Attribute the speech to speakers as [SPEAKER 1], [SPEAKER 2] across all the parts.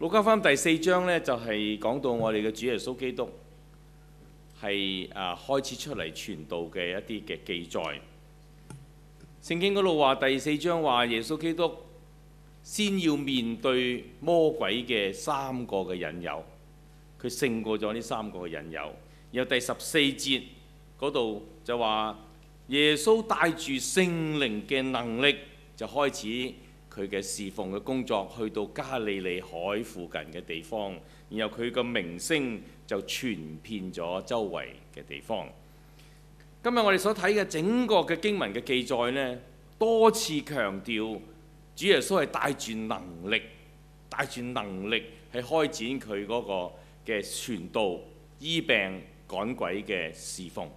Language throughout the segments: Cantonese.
[SPEAKER 1] 路加福音第四章呢，就係講到我哋嘅主耶穌基督係啊開始出嚟傳道嘅一啲嘅記載。聖經嗰度話第四章話耶穌基督先要面對魔鬼嘅三個嘅引誘，佢勝過咗呢三個嘅引誘。然後第十四節嗰度就話耶穌帶住聖靈嘅能力就開始佢嘅侍奉嘅工作去到加利利海附近嘅地方，然後佢嘅名聲就傳遍咗周圍嘅地方。今日我哋所睇嘅整個嘅經文嘅記載呢，多次強調主耶穌係帶住能力、帶住能力去開展佢嗰個嘅傳道、醫病、趕鬼嘅侍奉。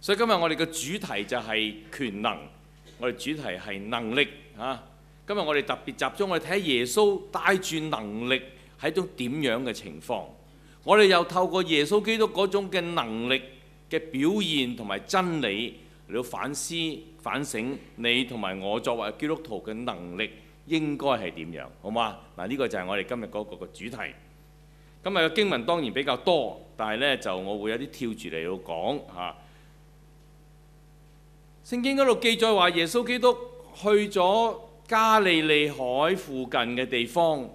[SPEAKER 1] 所以今日我哋嘅主題就係權能，我哋主題係能力啊！今日我哋特別集中我哋睇下耶穌帶住能力係種點樣嘅情況，我哋又透過耶穌基督嗰種嘅能力嘅表現同埋真理嚟到反思反省，你同埋我作為基督徒嘅能力應該係點樣，好嘛？嗱、這、呢個就係我哋今日嗰個嘅主題。今日嘅經文當然比較多，但係呢，就我會有啲跳住嚟到講吓。聖、啊、經嗰度記載話耶穌基督去咗。加利利海附近嘅地方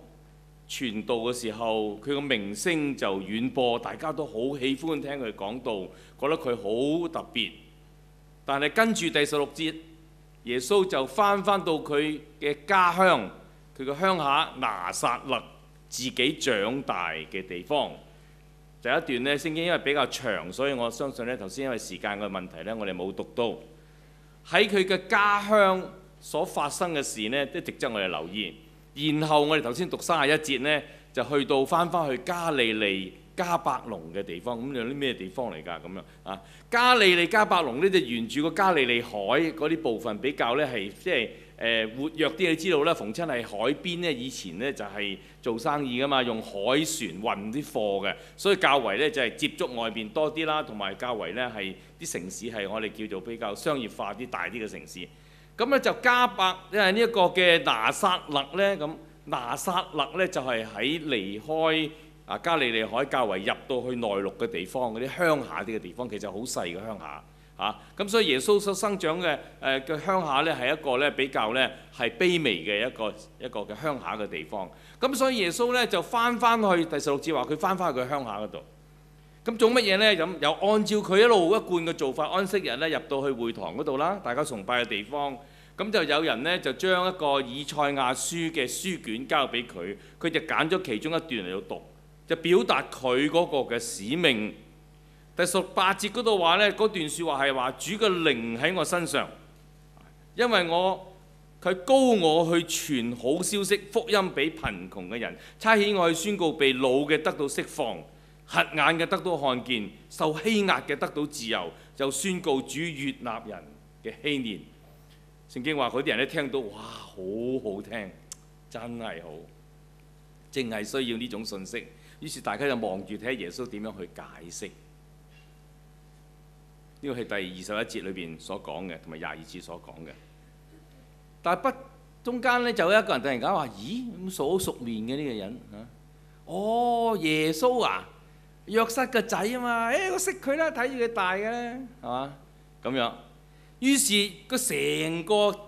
[SPEAKER 1] 傳道嘅時候，佢嘅名聲就遠播，大家都好喜歡聽佢講道，覺得佢好特別。但係跟住第十六節，耶穌就翻翻到佢嘅家鄉，佢嘅鄉下拿撒勒，自己長大嘅地方。第、就是、一段呢聖經因為比較長，所以我相信呢頭先因為時間嘅問題呢，我哋冇讀到喺佢嘅家鄉所發生嘅事呢，都值得我哋留意。然後我哋頭先讀三十一節呢，就去到翻翻去加利利迦百農嘅地方。咁有啲咩地方嚟㗎？咁樣啊，加利利迦百農呢，就沿住個加利利海嗰啲部分比較呢，係即係誒活躍啲。你知道咧，逢親喺海邊呢，以前呢就係做生意㗎嘛，用海船運啲貨嘅，所以較為呢，就係、是、接觸外邊多啲啦，同埋較為呢，係啲城市係我哋叫做比較商業化啲大啲嘅城市。咁咧就加伯，因為呢一個嘅拿撒勒咧，咁拿撒勒咧就係喺離開啊加利利海，較為入到去內陸嘅地方嗰啲鄉下啲嘅地方，其實好細嘅鄉下嚇。咁、啊、所以耶穌所生長嘅誒嘅鄉下咧係一個咧比較咧係卑微嘅一個一個嘅鄉下嘅地方。咁所以耶穌咧就翻翻去，第十六節話佢翻翻去佢鄉下嗰度。咁做乜嘢呢？咁又按照佢一路一貫嘅做法，安息日呢入到去會堂嗰度啦，大家崇拜嘅地方，咁就有人呢就將一個以賽亞書嘅書卷交俾佢，佢就揀咗其中一段嚟到讀，就表達佢嗰個嘅使命。第十八節嗰度話呢，嗰段説話係話主嘅靈喺我身上，因為我佢膏我去傳好消息、福音俾貧窮嘅人，差遣我去宣告被擄嘅得到釋放。瞎眼嘅得到看見，受欺壓嘅得到自由，就宣告主悅納人嘅禧年。聖經話，佢啲人咧聽到，哇，好好聽，真係好，淨係需要呢種信息。於是大家就望住睇耶穌點樣去解釋。呢個係第二十一節裏邊所講嘅，同埋廿二節所講嘅。但係不中間咧就有一個人突然間話，咦，咁熟熟面嘅呢個人嚇？哦，耶穌啊！約瑟個仔啊嘛，誒、欸、我識佢啦，睇住佢大嘅咧，係嘛咁樣。於是個成個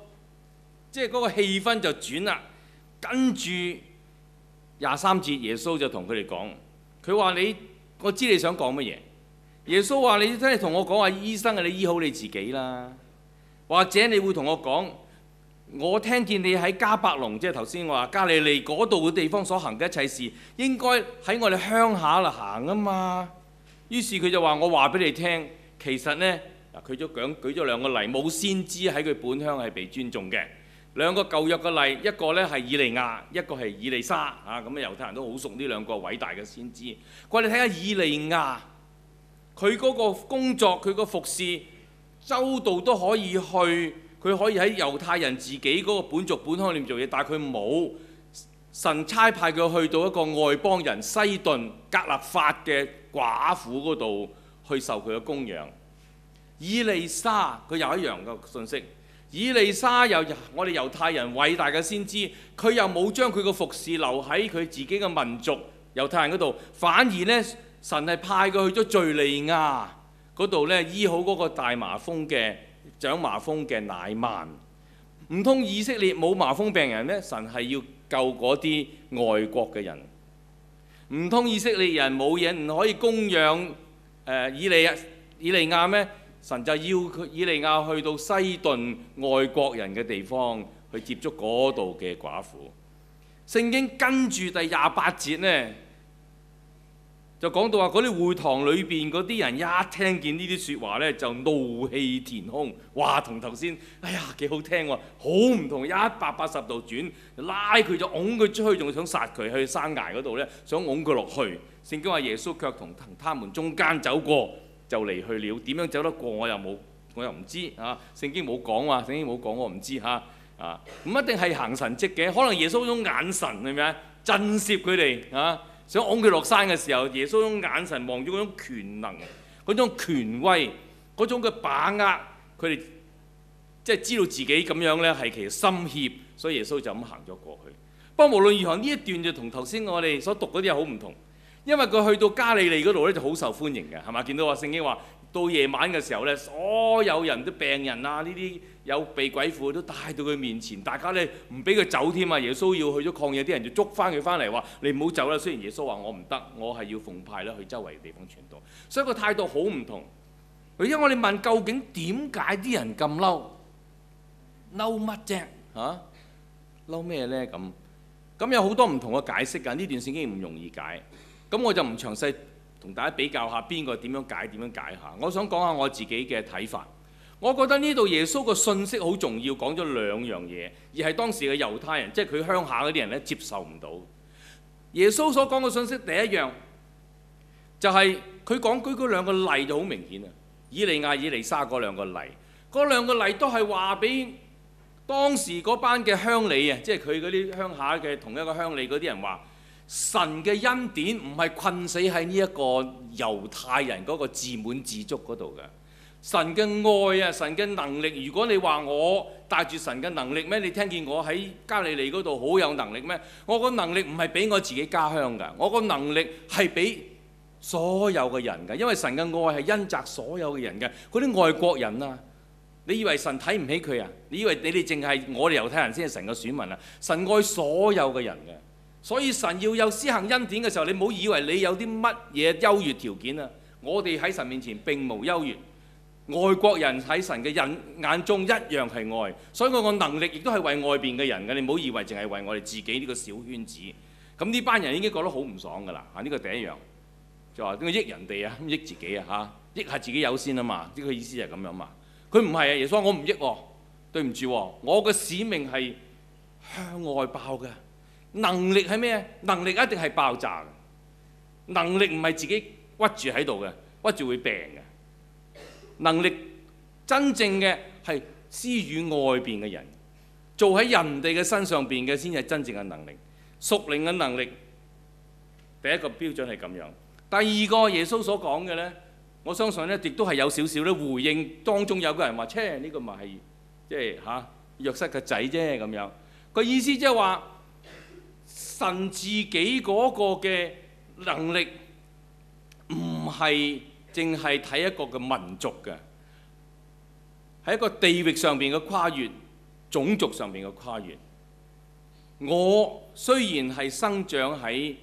[SPEAKER 1] 即係嗰個氣氛就轉啦。跟住廿三節，耶穌就同佢哋講：佢話你，我知你想講乜嘢。耶穌話你真係你同我講話，醫生啊，你醫好你自己啦，或者你會同我講，我聽見你喺迦百農，即係頭先話加利利嗰度嘅地方所行嘅一切事，應該喺我哋鄉下度行啊嘛。於是佢就話：我話俾你聽，其實呢，嗱，佢咗舉舉咗兩個例，冇先知喺佢本鄉係被尊重嘅。兩個舊約嘅例，一個呢係以利亞，一個係以利沙。嚇、啊，咁、嗯、啊，猶太人都好熟呢兩個偉大嘅先知。我哋睇下以利亞，佢嗰個工作，佢個服侍周度都可以去。佢可以喺猶太人自己嗰個本族本鄉裏面做嘢，但係佢冇神差派佢去到一個外邦人西頓、格勒法嘅寡婦嗰度去受佢嘅供養。以利沙佢又一樣嘅信息，以利沙又我哋猶太人偉大嘅先知，佢又冇將佢個服侍留喺佢自己嘅民族猶太人嗰度，反而呢，神係派佢去咗敍利亞嗰度呢，醫好嗰個大麻風嘅。長麻風嘅乃縵，唔通以色列冇麻風病人咧？神係要救嗰啲外國嘅人。唔通以色列人冇嘢唔可以供養誒、呃、以利亞？以利亞咩？神就要佢以利亞去到西頓外國人嘅地方去接觸嗰度嘅寡婦。聖經跟住第廿八節呢。就講到話嗰啲會堂裏邊嗰啲人一聽見呢啲説話呢，就怒氣填胸，嘩同頭先，哎呀幾好聽喎、啊，好唔同一百八十度轉，拉佢就拱佢出去，仲想殺佢去山崖嗰度呢，想拱佢落去。聖經話耶穌卻同同他們中間走過，就離去了。點樣走得過我又冇，我又唔知啊。聖經冇講話，聖經冇講我唔知嚇啊。唔、啊啊啊、一定係行神蹟嘅，可能耶穌嗰種眼神係咪震懾佢哋啊。想擁佢落山嘅時候，耶穌嗰眼神，望住嗰種權能、嗰種權威、嗰種嘅把握，佢哋即係知道自己咁樣呢係其實心怯，所以耶穌就咁行咗過去。不過無論如何，呢一段就同頭先我哋所讀嗰啲嘢好唔同，因為佢去到加利利嗰度呢就好受歡迎嘅，係咪？見到話聖經話。到夜晚嘅時候咧，所有人啲病人啊，呢啲有被鬼附都帶到佢面前，大家咧唔俾佢走添啊！耶穌要去咗曠野，啲人就捉翻佢翻嚟話：你唔好走啦！雖然耶穌話我唔得，我係要奉派啦去周圍嘅地方傳道，所以個態度好唔同。因為我哋問究竟點解啲人咁嬲？嬲乜啫？嚇？嬲咩咧？咁咁有好多唔同嘅解釋㗎。呢段聖經已經唔容易解，咁我就唔詳細。同大家比較下邊個點樣解，點樣解下。我想講下我自己嘅睇法。我覺得呢度耶穌嘅信息好重要，講咗兩樣嘢，而係當時嘅猶太人，即係佢鄉下嗰啲人咧，接受唔到耶穌所講嘅信息。第一樣就係、是、佢講舉舉兩個例就好明顯啊，以利亞、以利沙嗰兩個例，嗰兩個例都係話俾當時嗰班嘅鄉里啊，即係佢嗰啲鄉下嘅同一個鄉里嗰啲人話。神嘅恩典唔係困死喺呢一個猶太人嗰個自滿自足嗰度嘅。神嘅愛啊，神嘅能力，如果你話我帶住神嘅能力咩？你聽見我喺加利利嗰度好有能力咩？我個能力唔係俾我自己家鄉㗎，我個能力係俾所有嘅人㗎。因為神嘅愛係恩澤所有嘅人嘅。嗰啲外國人啊，你以為神睇唔起佢啊？你以為你哋淨係我哋猶太人先係神嘅選民啊？神愛所有嘅人嘅。所以神要有施行恩典嘅時候，你唔好以為你有啲乜嘢優越條件啊！我哋喺神面前並無優越，外國人喺神嘅眼中一樣係愛，所以我個能力亦都係為外邊嘅人嘅。你唔好以為淨係為我哋自己呢個小圈子。咁呢班人已經覺得好唔爽噶啦啊！呢、這個第一樣就話點益人哋啊？唔益自己啊？嚇！益下自己有先啊嘛！呢、這個意思係咁樣嘛。佢唔係啊，耶穌，我唔益喎、哦，對唔住、哦，我嘅使命係向外爆嘅。能力係咩啊？能力一定係爆炸嘅。能力唔係自己屈住喺度嘅，屈住會病嘅。能力真正嘅係施予外邊嘅人，做喺人哋嘅身上邊嘅先係真正嘅能力。屬靈嘅能力第一個標準係咁樣，第二個耶穌所講嘅咧，我相信咧亦都係有少少咧回應當中有個人話，唓、就是，呢個咪係即係嚇約瑟嘅仔啫咁樣。佢意思即係話。神自己嗰個嘅能力唔係淨係睇一個嘅民族嘅，係一個地域上邊嘅跨越、種族上邊嘅跨越。我雖然係生長喺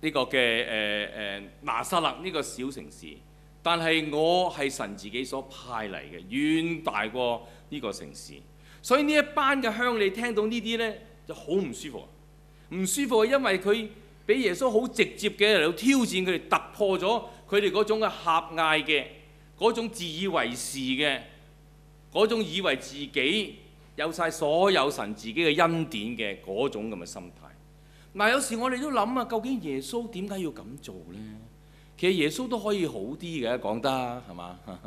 [SPEAKER 1] 呢個嘅誒誒拿撒勒呢個小城市，但係我係神自己所派嚟嘅，遠大過呢個城市。所以呢一班嘅鄉里聽到呢啲呢，就好唔舒服。唔舒服係因為佢俾耶穌好直接嘅嚟到挑戰佢哋，突破咗佢哋嗰種嘅狹隘嘅嗰種自以為是嘅嗰種以為自己有晒所有神自己嘅恩典嘅嗰種咁嘅心態。嗱，有時我哋都諗啊，究竟耶穌點解要咁做咧？其實耶穌都可以好啲嘅，講得係嘛？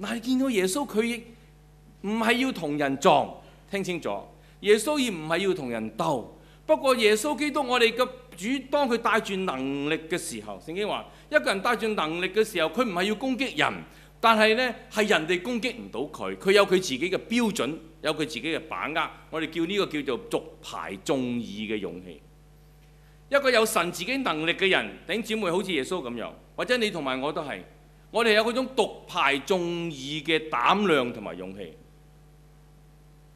[SPEAKER 1] 但你見到耶穌佢亦唔係要同人撞，聽清楚，耶穌亦唔係要同人鬥。不過耶穌基督，我哋嘅主，當佢帶住能力嘅時候，聖經話一個人帶住能力嘅時候，佢唔係要攻擊人，但係呢，係人哋攻擊唔到佢，佢有佢自己嘅標準，有佢自己嘅把握。我哋叫呢個叫做獨排眾議嘅勇氣。一個有神自己能力嘅人，頂姊妹好似耶穌咁樣，或者你同埋我都係，我哋有嗰種獨排眾議嘅膽量同埋勇氣，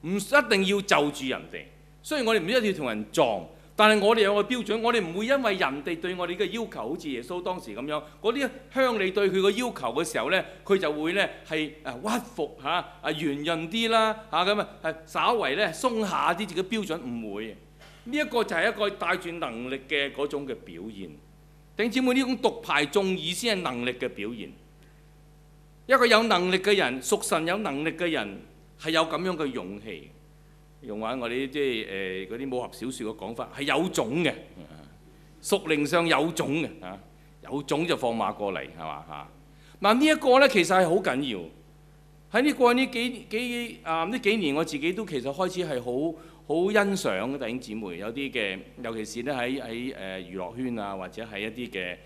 [SPEAKER 1] 唔一定要就住人哋。雖然我哋唔一定要同人撞，但係我哋有個標準，我哋唔會因為人哋對我哋嘅要求，好似耶穌當時咁樣嗰啲鄉里對佢個要求嘅時候呢，佢就會呢係誒屈服嚇，誒圓潤啲啦嚇咁啊，稍為咧鬆一下啲自己標準，唔會。呢、這、一個就係一個帶住能力嘅嗰種嘅表現。弟兄姊妹，呢種獨排眾議先係能力嘅表現。一個有能力嘅人，屬神有能力嘅人係有咁樣嘅勇氣。用玩我哋即係誒嗰啲武俠小説嘅講法係有種嘅，屬靈上有種嘅嚇，啊，有種就放馬過嚟係嘛嚇。嗱、啊、呢一個咧其實係好緊要的。喺呢過呢幾幾啊呢幾年，我自己都其實開始係好好欣賞弟兄姊妹有啲嘅，尤其是咧喺喺誒娛樂圈啊，或者係一啲嘅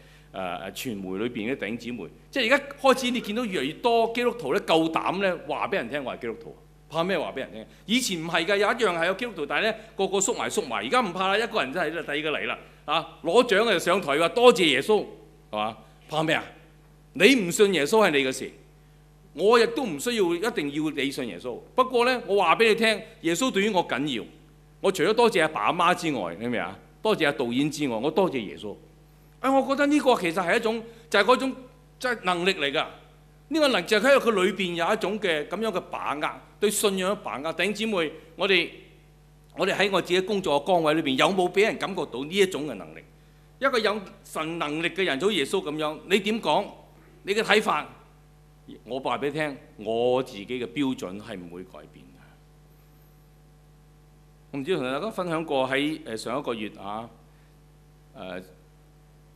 [SPEAKER 1] 誒誒傳媒裏邊嘅弟兄姊妹。即係而家開始你見到越嚟越多基督徒咧夠膽咧話俾人聽，我係基督徒。怕咩？話俾人聽。以前唔係嘅，有一樣係有基督徒，但係咧個個縮埋縮埋。而家唔怕啦，一個人真係第二個嚟啦嚇。攞獎嘅上台話多謝耶穌係嘛？怕咩啊？你唔信耶穌係你嘅事，我亦都唔需要一定要你信耶穌。不過咧，我話俾你聽，耶穌對於我緊要。我除咗多謝阿爸阿媽之外，你明唔明啊？多謝阿導演之外，我多謝耶穌。哎，我覺得呢個其實係一種就係嗰種即係能力嚟㗎。呢個能力就喺佢裏邊有一種嘅咁樣嘅把握。對信仰嘅把握，弟兄姊妹，我哋我哋喺我自己工作嘅崗位裏邊，有冇俾人感覺到呢一種嘅能力？一個有神能力嘅人，好似耶穌咁樣，你點講？你嘅睇法，我話俾你聽，我自己嘅標準係唔會改變嘅。我唔知同大家分享過喺誒上一個月啊，誒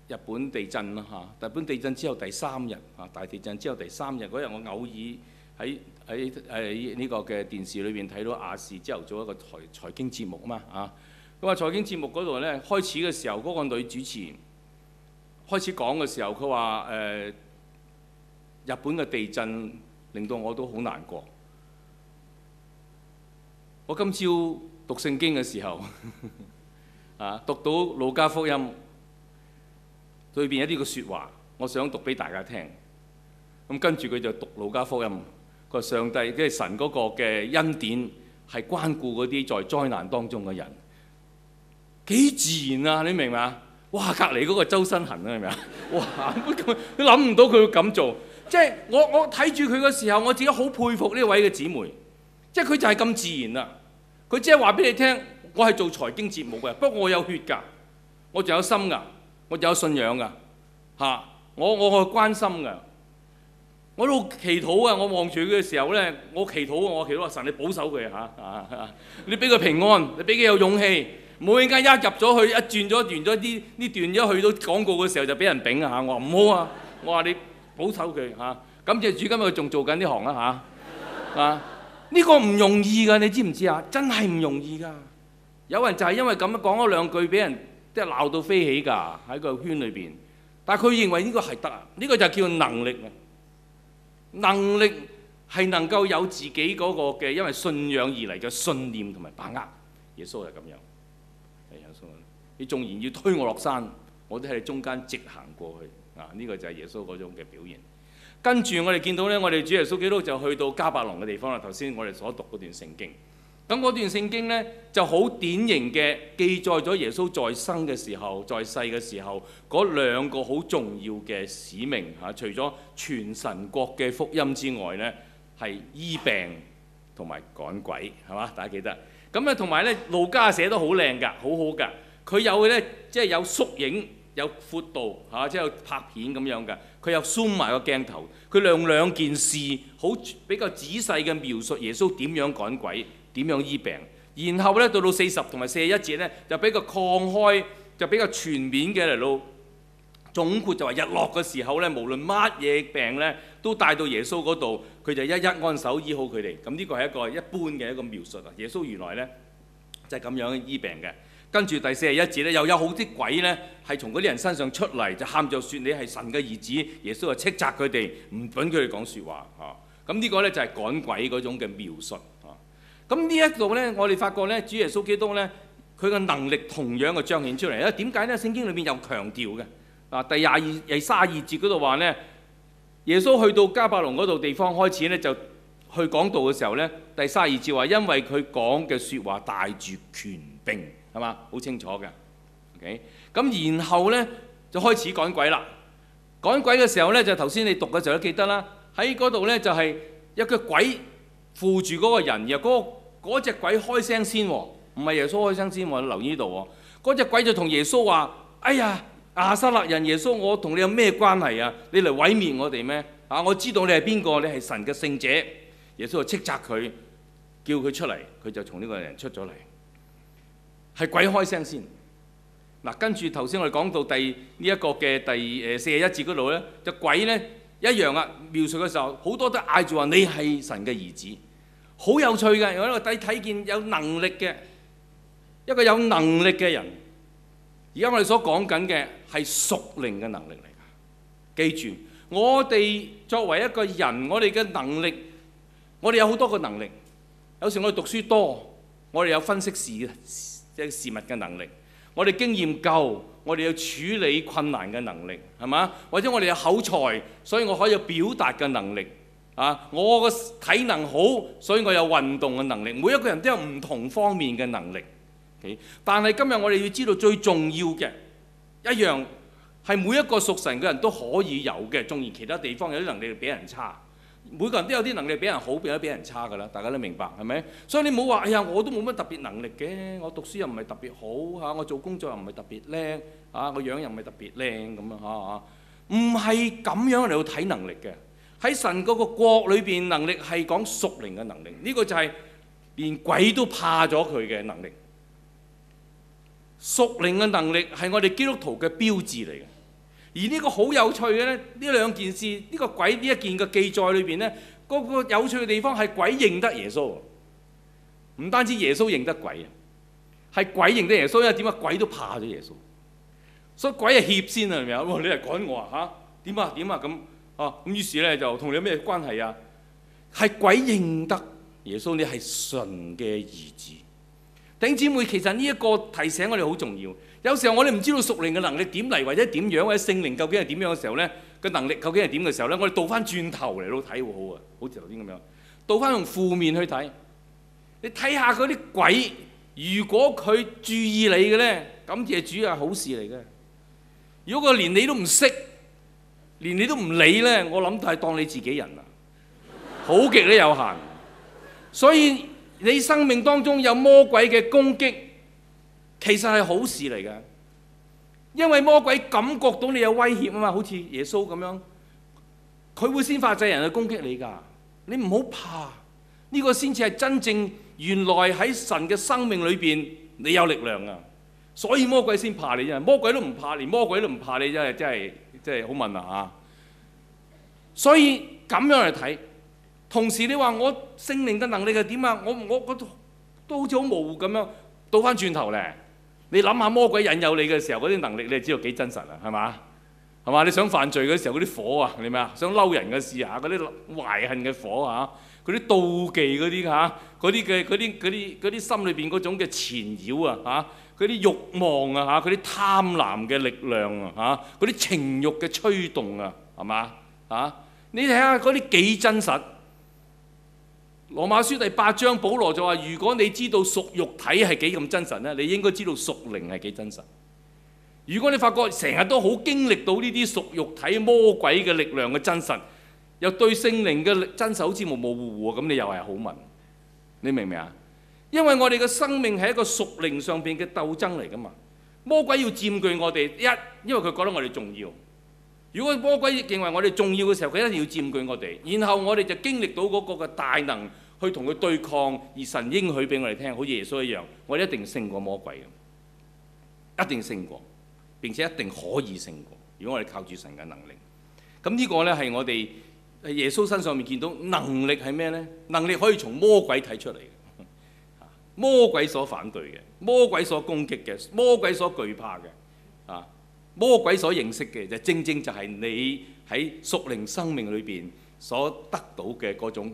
[SPEAKER 1] 日本地震啦嚇，日本地震之後第三日嚇，大地震之後第三日嗰日，我偶然喺喺誒呢個嘅電視裏邊睇到亞視之後做一個財財經節目啊嘛啊，咁啊財經節目嗰度咧開始嘅時候嗰、那個女主持開始講嘅時候，佢話誒日本嘅地震令到我都好難過。我今朝讀聖經嘅時候呵呵啊，讀到路加福音裏邊一啲嘅説話，我想讀俾大家聽。咁跟住佢就讀路加福音。個上帝即係神嗰個嘅恩典係關顧嗰啲在災難當中嘅人，幾自然啊！你明唔明啊？哇！隔離嗰個周身痕啊，係咪啊？哇！都諗唔到佢會咁做，即係我我睇住佢嘅時候，我自己好佩服呢位嘅姊妹，即係佢就係咁自然啊，佢即係話俾你聽，我係做財經節目嘅，不過我有血㗎，我仲有心㗎，我仲有信仰㗎，吓，我我我關心㗎。我喺度祈禱啊！我望住佢嘅時候咧，我祈禱啊！我祈禱話：神，你保守佢嚇啊！你俾佢平安，你俾佢有勇氣。每人間一入咗去，一轉咗完咗呢，呢段，一去到廣告嘅時候就俾人抌啊！我話唔好啊！我話你保守佢嚇、啊。感謝主，今日佢仲做緊呢行啊嚇啊！呢、啊呢個唔容易㗎，你知唔知啊？真係唔容易㗎。有人就係因為咁樣講咗兩句，俾人即係鬧到飛起㗎喺個圈裏邊。但係佢認為呢個係得啊，呢、呢個就叫能力。能力係能夠有自己嗰個嘅，因為信仰而嚟嘅信念同埋把握。耶穌係咁樣，係耶穌。你縱然要推我落山，我都喺你中間直行過去。啊，呢個就係耶穌嗰種嘅表現。跟住我哋見到咧，我哋主耶穌基督就去到迦百農嘅地方啦。頭先我哋所讀嗰段聖經。咁嗰段聖經呢，就好典型嘅，記載咗耶穌在生嘅時候，在世嘅時候嗰兩個好重要嘅使命嚇、啊，除咗全神國嘅福音之外呢，係醫病同埋趕鬼，係嘛？大家記得咁咧，同埋呢路加寫得好靚㗎，好好㗎。佢有呢，即係有縮影，有闊度嚇、啊，即係有拍片咁樣㗎。佢有 zoom 嘅鏡頭，佢用兩件事好比較仔細嘅描述耶穌點樣趕鬼。點樣醫病？然後呢，到到四十同埋四十一節呢，就比較擴開，就比較全面嘅嚟到總括，就話日落嘅時候呢，無論乜嘢病呢，都帶到耶穌嗰度，佢就一一安手醫好佢哋。咁呢個係一個一般嘅一個描述啊！耶穌原來呢，就係咁樣醫病嘅。跟住第四十一節呢，又有好啲鬼呢，係從嗰啲人身上出嚟，就喊就説，你係神嘅兒子。耶穌就斥責佢哋唔準佢哋講説話啊！咁呢個呢，就係趕鬼嗰種嘅描述。咁呢一度呢，我哋發覺呢，主耶穌基督呢，佢嘅能力同樣嘅彰顯出嚟。啊，點解呢？聖經裏面有強調嘅。啊，第廿二、第卅二節嗰度話呢，耶穌去到迦百農嗰度地方開始呢，就去講道嘅時候呢，第三十二節話，因為佢講嘅説話帶住權柄，係嘛？好清楚嘅。OK，咁然後呢，就開始趕鬼啦。趕鬼嘅時候呢，就頭先你讀嘅時候都記得啦，喺嗰度呢，就係、是、一個鬼附住嗰個人，然嗰隻鬼開聲先喎，唔係耶穌開聲先喎，留呢度喎。嗰隻鬼就同耶穌話：哎呀，拿撒勒人耶穌，我同你有咩關係啊？你嚟毀滅我哋咩？啊，我知道你係邊個，你係神嘅聖者。耶穌就斥責佢，叫佢出嚟，佢就從呢個人出咗嚟。係鬼開聲先。嗱，跟住頭先我哋講到第呢一個嘅第誒四十一節嗰度咧，隻鬼咧一樣啊，描述嘅時候好多都嗌住話：你係神嘅兒子。好有趣嘅，我喺度睇睇見有能力嘅一個有能力嘅人。而家我哋所講緊嘅係屬靈嘅能力嚟㗎。記住，我哋作為一個人，我哋嘅能力，我哋有好多個能力。有時我哋讀書多，我哋有分析事即係事物嘅能力；我哋經驗夠，我哋有處理困難嘅能力，係嘛？或者我哋有口才，所以我可以有表達嘅能力。啊！我個體能好，所以我有運動嘅能力。每一個人都有唔同方面嘅能力。Okay? 但係今日我哋要知道最重要嘅一樣係每一個屬神嘅人都可以有嘅，縱然其他地方有啲能力比人差。每個人都有啲能力比人好，或者比人差㗎啦。大家都明白係咪？所以你冇話，哎呀，我都冇乜特別能力嘅，我讀書又唔係特別好嚇，我做工作又唔係特別叻嚇，我樣又唔係特別靚咁啊嚇。唔係咁樣嚟去睇能力嘅。喺神嗰個國裏邊，能力係講屬靈嘅能力，呢個就係連鬼都怕咗佢嘅能力。屬靈嘅能力係我哋基督徒嘅標誌嚟嘅。而呢個好有趣嘅咧，呢兩件事，呢個鬼呢一件嘅記載裏邊咧，嗰個有趣嘅地方係鬼認得耶穌，唔單止耶穌認得鬼啊，係鬼認得耶穌，因為點解鬼都怕咗耶穌，所以鬼係怯先啊，係咪啊？你嚟趕我啊，嚇點啊點啊咁。哦，咁於是咧就同你有咩關係啊？係鬼認得耶穌，你係神嘅兒子。頂姊妹，其實呢一個提醒我哋好重要。有時候我哋唔知道屬靈嘅能力點嚟，或者點樣，或者聖靈究竟係點樣嘅時候咧，個能力究竟係點嘅時候咧，我哋倒翻轉頭嚟攞睇會好啊，好似頭先咁樣，倒翻用負面去睇。你睇下嗰啲鬼，如果佢注意你嘅咧，感謝主係好事嚟嘅。如果佢連你都唔識，連你都唔理咧，我諗都係當你自己人啦，好極都有限。所以你生命當中有魔鬼嘅攻擊，其實係好事嚟嘅，因為魔鬼感覺到你有威脅啊嘛，好似耶穌咁樣，佢會先發制人去攻擊你噶。你唔好怕，呢個先至係真正原來喺神嘅生命裏邊你有力量啊。所以魔鬼先怕你，魔鬼都唔怕，連魔鬼都唔怕你，真係。即係好問啊。所以咁樣嚟睇，同時你話我聖靈嘅能力係點啊？我我我都都好似好模糊咁樣。倒翻轉頭咧，你諗下魔鬼引誘你嘅時候嗰啲能力，你係知道幾真實啊？係嘛？係嘛？你想犯罪嘅時候嗰啲火，火啊？你咩啊？想嬲人嘅事啊？嗰啲懷恨嘅火啊？嗰啲妒忌嗰啲嚇？嗰啲嘅嗰啲嗰啲嗰啲心裏邊嗰種嘅纏繞啊嚇？嗰啲慾望啊嚇，嗰啲貪婪嘅力量啊嚇，嗰啲情欲嘅催動啊，係嘛啊？你睇下嗰啲幾真實？羅馬書第八章，保羅就話：如果你知道屬肉體係幾咁真實咧，你應該知道屬靈係幾真實。如果你發覺成日都好經歷到呢啲屬肉體魔鬼嘅力量嘅真實，又對聖靈嘅真實好似模模模糊糊，咁你又係好問，你明唔明啊？因為我哋嘅生命係一個屬靈上邊嘅鬥爭嚟㗎嘛，魔鬼要佔據我哋一，因為佢覺得我哋重要。如果魔鬼認為我哋重要嘅時候，佢一定要佔據我哋。然後我哋就經歷到嗰個嘅大能去同佢對抗，而神應許俾我哋聽，好似耶穌一樣，我哋一定勝過魔鬼嘅，一定勝過，並且一定可以勝過。如果我哋靠住神嘅能力，咁呢個呢，係我哋喺耶穌身上面見到能力係咩呢？能力可以從魔鬼睇出嚟嘅。魔鬼所反對嘅，魔鬼所攻擊嘅，魔鬼所懼怕嘅，啊，魔鬼所認識嘅，就正正就係你喺屬靈生命裏邊所得到嘅嗰種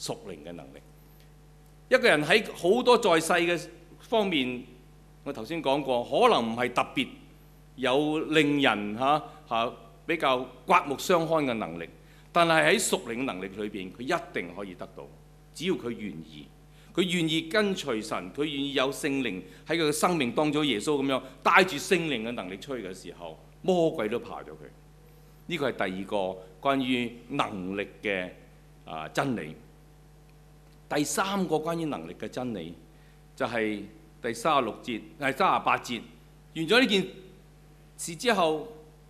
[SPEAKER 1] 屬靈嘅能力。一個人喺好多在世嘅方面，我頭先講過，可能唔係特別有令人嚇嚇、啊啊、比較刮目相看嘅能力，但係喺屬靈嘅能力裏邊，佢一定可以得到，只要佢願意。佢願意跟隨神，佢願意有聖靈喺佢嘅生命當咗耶穌咁樣帶住聖靈嘅能力出去嘅時候，魔鬼都爬咗佢。呢、這個係第二個關於能力嘅啊真理。第三個關於能力嘅真理就係、是、第三十六節，係三十八節。完咗呢件事之後，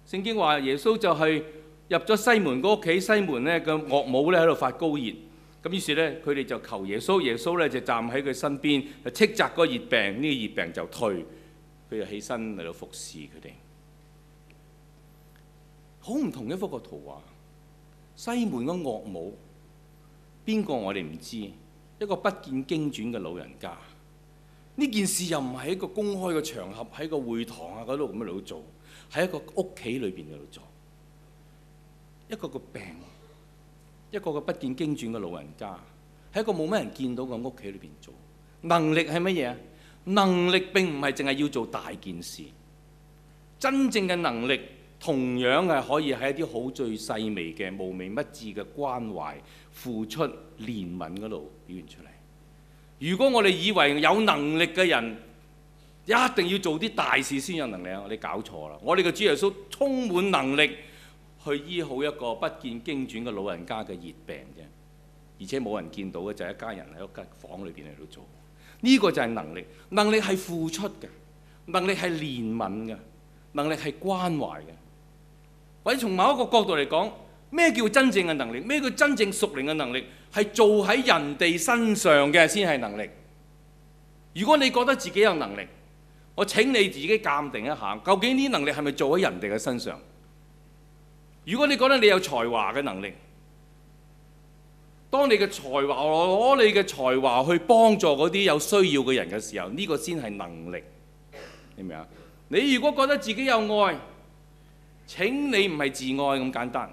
[SPEAKER 1] 聖經話耶穌就係入咗西門個屋企，西門呢，個岳母咧喺度發高熱。咁於是咧，佢哋就求耶穌，耶穌咧就站喺佢身邊，就斥責個熱病，呢、這個熱病就退，佢就起身嚟到服侍佢哋。好唔同嘅一幅個圖畫，西門個岳母，邊個我哋唔知，一個不見經傳嘅老人家。呢件事又唔係一個公開嘅場合，喺個會堂啊嗰度咁樣做，喺一個屋企裏邊嗰度做，一個個病。一個個不見經傳嘅老人家，喺一個冇乜人見到嘅屋企裏邊做，能力係乜嘢啊？能力並唔係淨係要做大件事，真正嘅能力同樣係可以喺一啲好最細微嘅無微不至嘅關懷、付出、憐憫嗰度表現出嚟。如果我哋以為有能力嘅人一定要做啲大事先有能力，我哋搞錯啦！我哋嘅主耶穌充滿能力。去醫好一個不見經傳嘅老人家嘅熱病啫，而且冇人見到嘅就係一家人喺屋間房裏邊喺度做，呢個就係能力。能力係付出嘅，能力係憐憫嘅，能力係關懷嘅。或者從某一個角度嚟講，咩叫真正嘅能力？咩叫真正屬靈嘅能力？係做喺人哋身上嘅先係能力。如果你覺得自己有能力，我請你自己鑑定一下，究竟呢啲能力係咪做喺人哋嘅身上？如果你覺得你有才華嘅能力，當你嘅才華攞你嘅才華去幫助嗰啲有需要嘅人嘅時候，呢個先係能力，明唔明啊？你如果覺得自己有愛，請你唔係自愛咁簡單，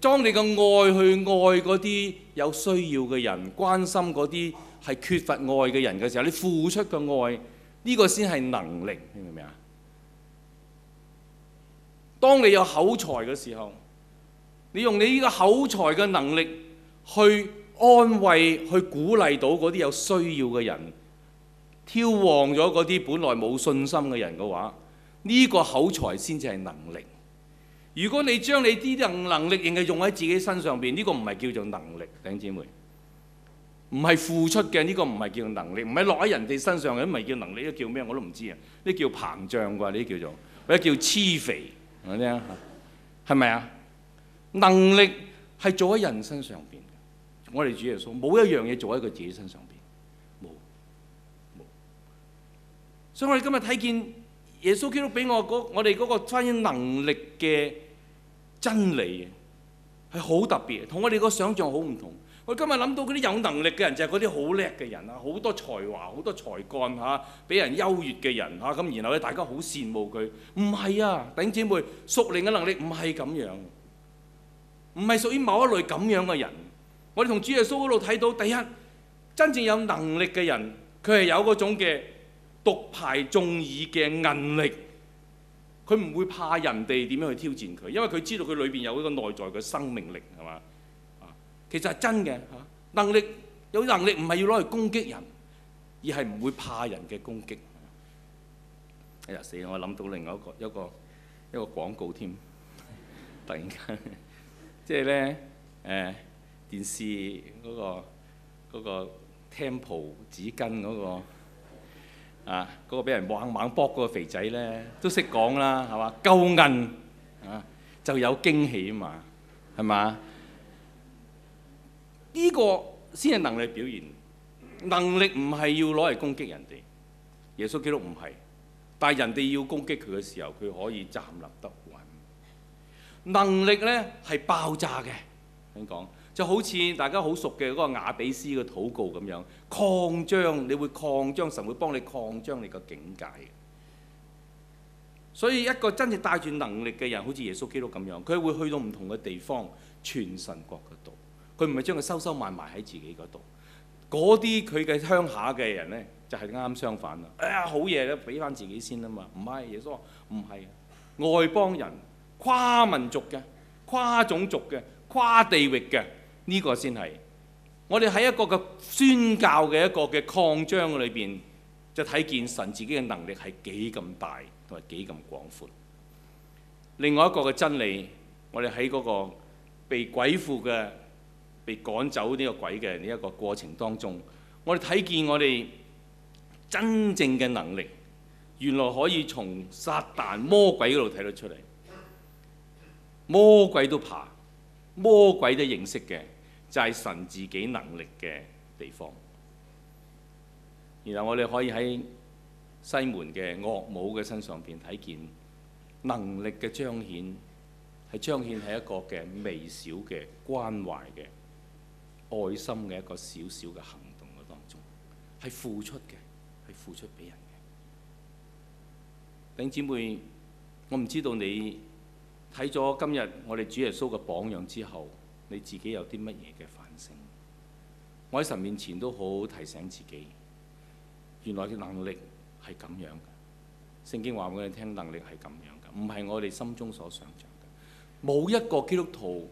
[SPEAKER 1] 當你嘅愛去愛嗰啲有需要嘅人，關心嗰啲係缺乏愛嘅人嘅時候，你付出嘅愛呢個先係能力，明唔明啊？當你有口才嘅時候，你用你呢個口才嘅能力去安慰、去鼓勵到嗰啲有需要嘅人，挑旺咗嗰啲本來冇信心嘅人嘅話，呢個口才先至係能力。如果你將你啲能力仍然用喺自己身上邊，呢個唔係叫做能力，頂姊妹，唔係付出嘅呢個唔係叫能力，唔係落喺人哋身上嘅唔係叫能力，都叫咩？我都唔知啊！啲叫膨脹啩，呢啲叫做，叫做或者叫癡肥。係咪啊？能力係做喺人身上邊。我哋主耶穌冇一樣嘢做喺佢自己身上邊，冇冇。所以我哋今日睇見耶穌基督俾我嗰我哋嗰個關於能力嘅真理嘅，係好特別，同我哋個想象好唔同。我今日諗到嗰啲有能力嘅人就係嗰啲好叻嘅人啊，好多才華、好多才幹嚇，俾人優越嘅人嚇，咁然後咧大家好羨慕佢。唔係啊，弟兄姊妹，屬靈嘅能力唔係咁樣，唔係屬於某一類咁樣嘅人。我哋同主耶穌嗰度睇到，第一，真正有能力嘅人，佢係有嗰種嘅獨排眾議嘅韌力，佢唔會怕人哋點樣去挑戰佢，因為佢知道佢裏邊有嗰個內在嘅生命力，係嘛？其實係真嘅嚇，能力有能力唔係要攞嚟攻擊人，而係唔會怕人嘅攻擊。哎呀死我諗到另外一個一個一個廣告添，突然間即係咧誒電視嗰、那個嗰、那個、那個、Tempo 紙巾嗰、那個啊嗰、那個俾人猛猛卜嗰個肥仔咧都識講啦係嘛？夠韌啊就有驚喜啊嘛係嘛？呢個先係能力表現，能力唔係要攞嚟攻擊人哋。耶穌基督唔係，但係人哋要攻擊佢嘅時候，佢可以站立得穩。能力呢係爆炸嘅，聽講就好似大家好熟嘅嗰個雅比斯嘅禱告咁樣擴張，你會擴張，神會幫你擴張你個境界。所以一個真正帶住能力嘅人，好似耶穌基督咁樣，佢會去到唔同嘅地方傳神國嘅道。佢唔係將佢收收埋埋喺自己嗰度，嗰啲佢嘅鄉下嘅人咧，就係啱啱相反啦。哎呀，好嘢咧，俾翻自己先啦嘛。唔係，耶穌話唔係，外邦人、跨民族嘅、跨種族嘅、跨地域嘅呢個先係。我哋喺一個嘅宣教嘅一個嘅擴張裏邊，就睇見神自己嘅能力係幾咁大同埋幾咁廣闊。另外一個嘅真理，我哋喺嗰個被鬼附嘅。被趕走呢個鬼嘅呢一個過程當中，我哋睇見我哋真正嘅能力，原來可以從撒旦魔鬼嗰度睇得出嚟。魔鬼都怕，魔鬼都認識嘅，就係、是、神自己能力嘅地方。然後我哋可以喺西門嘅岳母嘅身上邊睇見能力嘅彰顯，係彰顯係一個嘅微小嘅關懷嘅。愛心嘅一個小小嘅行動嘅當中，係付出嘅，係付出俾人嘅。弟兄姊妹，我唔知道你睇咗今日我哋主耶穌嘅榜樣之後，你自己有啲乜嘢嘅反省？我喺神面前都好好提醒自己，原來嘅能力係咁樣嘅。聖經話俾我哋聽，能力係咁樣嘅，唔係我哋心中所想像嘅。冇一個基督徒，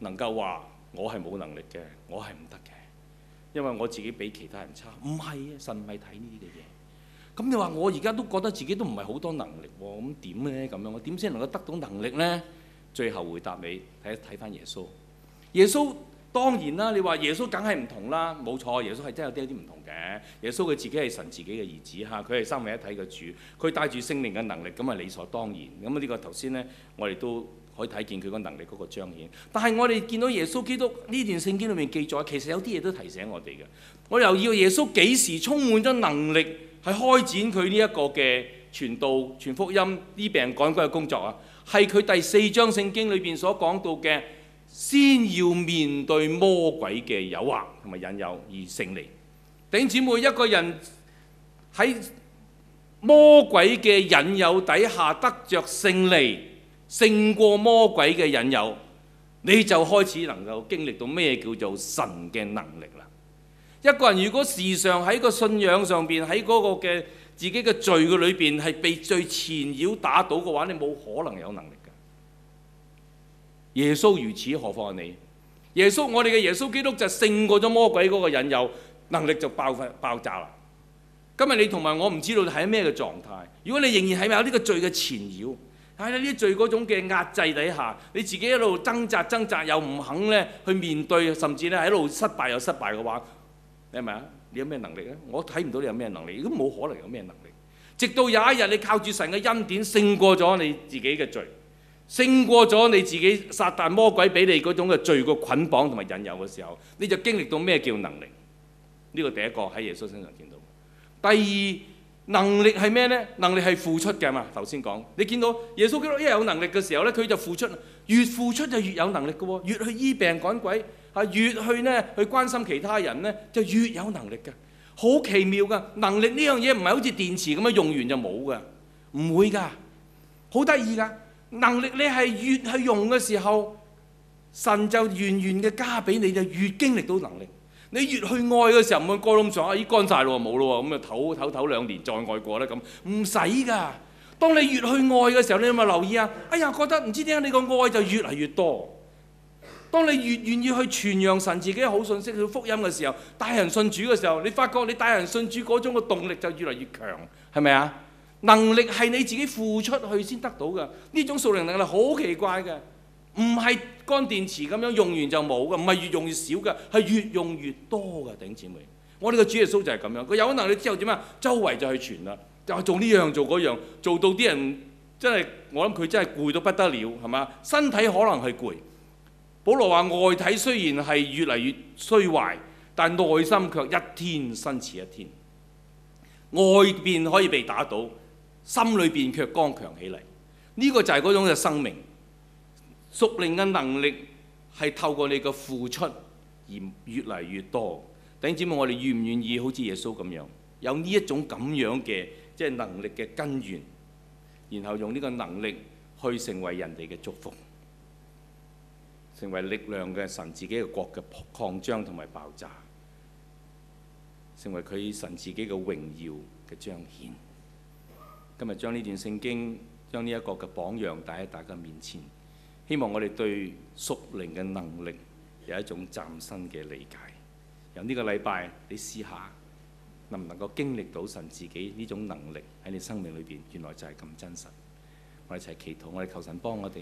[SPEAKER 1] 能夠話我係冇能力嘅，我係唔得嘅，因為我自己比其他人差。唔係啊，神唔係睇呢啲嘅嘢。咁你話我而家都覺得自己都唔係好多能力喎，咁點咧咁樣？我點先能夠得到能力咧？最後回答你，睇睇翻耶穌。耶穌當然啦，你話耶穌梗係唔同啦，冇錯，耶穌係真係有啲有啲唔同嘅。耶穌佢自己係神自己嘅兒子嚇，佢係三位一體嘅主，佢帶住聖靈嘅能力，咁啊理所當然。咁呢個頭先咧，我哋都。可以睇見佢嗰能力嗰個彰顯，但係我哋見到耶穌基督呢段聖經裏面記載，其實有啲嘢都提醒我哋嘅。我又要耶穌幾時充滿咗能力，去開展佢呢一個嘅傳道、傳福音、醫病趕鬼嘅工作啊？係佢第四章聖經裏邊所講到嘅，先要面對魔鬼嘅誘惑同埋引誘而勝利。頂姊妹一個人喺魔鬼嘅引誘底下得著勝利。勝過魔鬼嘅引誘，你就開始能夠經歷到咩叫做神嘅能力啦。一個人如果時常喺個信仰上邊喺嗰個嘅自己嘅罪嘅裏邊係被罪纏繞打倒嘅話，你冇可能有能力㗎。耶穌如此，何況係你？耶穌，我哋嘅耶穌基督就勝過咗魔鬼嗰個引誘，能力就爆發爆炸啦。今日你同埋我唔知道你喺咩嘅狀態。如果你仍然喺係有呢個罪嘅纏繞，喺呢啲罪嗰種嘅壓制底下，你自己一路掙扎掙扎又唔肯咧去面對，甚至咧喺度失敗又失敗嘅話，你係咪啊？你有咩能力咧？我睇唔到你有咩能力，都冇可能有咩能力。直到有一日你靠住神嘅恩典勝過咗你自己嘅罪，勝過咗你自己撒但魔鬼俾你嗰種嘅罪嘅捆綁同埋引誘嘅時候，你就經歷到咩叫能力。呢個第一個喺耶穌身上見到。第二。能力係咩呢？能力係付出嘅嘛。頭先講，你見到耶穌基督一有能力嘅時候呢，佢就付出。越付出就越有能力嘅喎、哦。越去醫病趕鬼嚇，越去呢去關心其他人呢，就越有能力嘅。好奇妙㗎！能力呢樣嘢唔係好似電池咁樣用完就冇㗎，唔會㗎，好得意㗎。能力你係越去用嘅時候，神就源源嘅加俾你就，就越經歷到能力。你越去愛嘅時候，唔會過咁上下，咦，乾曬咯，冇咯喎，咁啊唞唞唞兩年再愛過咧咁，唔使㗎。當你越去愛嘅時候，你有冇留意啊？哎呀，覺得唔知點解你個愛就越嚟越多。當你越願意去傳揚神自己好信息、好福音嘅時候，帶人信主嘅時候，你發覺你帶人信主嗰種嘅動力就越嚟越強，係咪啊？能力係你自己付出去先得到嘅，呢種屬靈能力好奇怪嘅。唔係乾電池咁樣用完就冇嘅，唔係越用越少嘅，係越用越多嘅。頂姊妹，我哋嘅主耶穌就係咁樣。佢有能力之後點啊？周圍就去傳啦，就係做呢樣做嗰樣，做到啲人真係我諗佢真係攰到不得了，係嘛？身體可能係攰。保羅話：外體雖然係越嚟越衰壞，但內心卻一天新似一天。外邊可以被打倒，心裏邊卻剛強起嚟。呢個就係嗰種嘅生命。屬靈嘅能力係透過你嘅付出而越嚟越多。弟兄姊妹，我哋願唔願意好似耶穌咁樣，有呢一種咁樣嘅即係能力嘅根源，然後用呢個能力去成為人哋嘅祝福，成為力量嘅神自己嘅國嘅擴張同埋爆炸，成為佢神自己嘅榮耀嘅彰顯。今日將呢段聖經，將呢一個嘅榜樣帶喺大家面前。希望我哋對屬靈嘅能力有一種嶄新嘅理解。由呢個禮拜，你試下能唔能夠經歷到神自己呢種能力喺你生命裏邊，原來就係咁真實。我哋一齊祈禱，我哋求神幫我哋。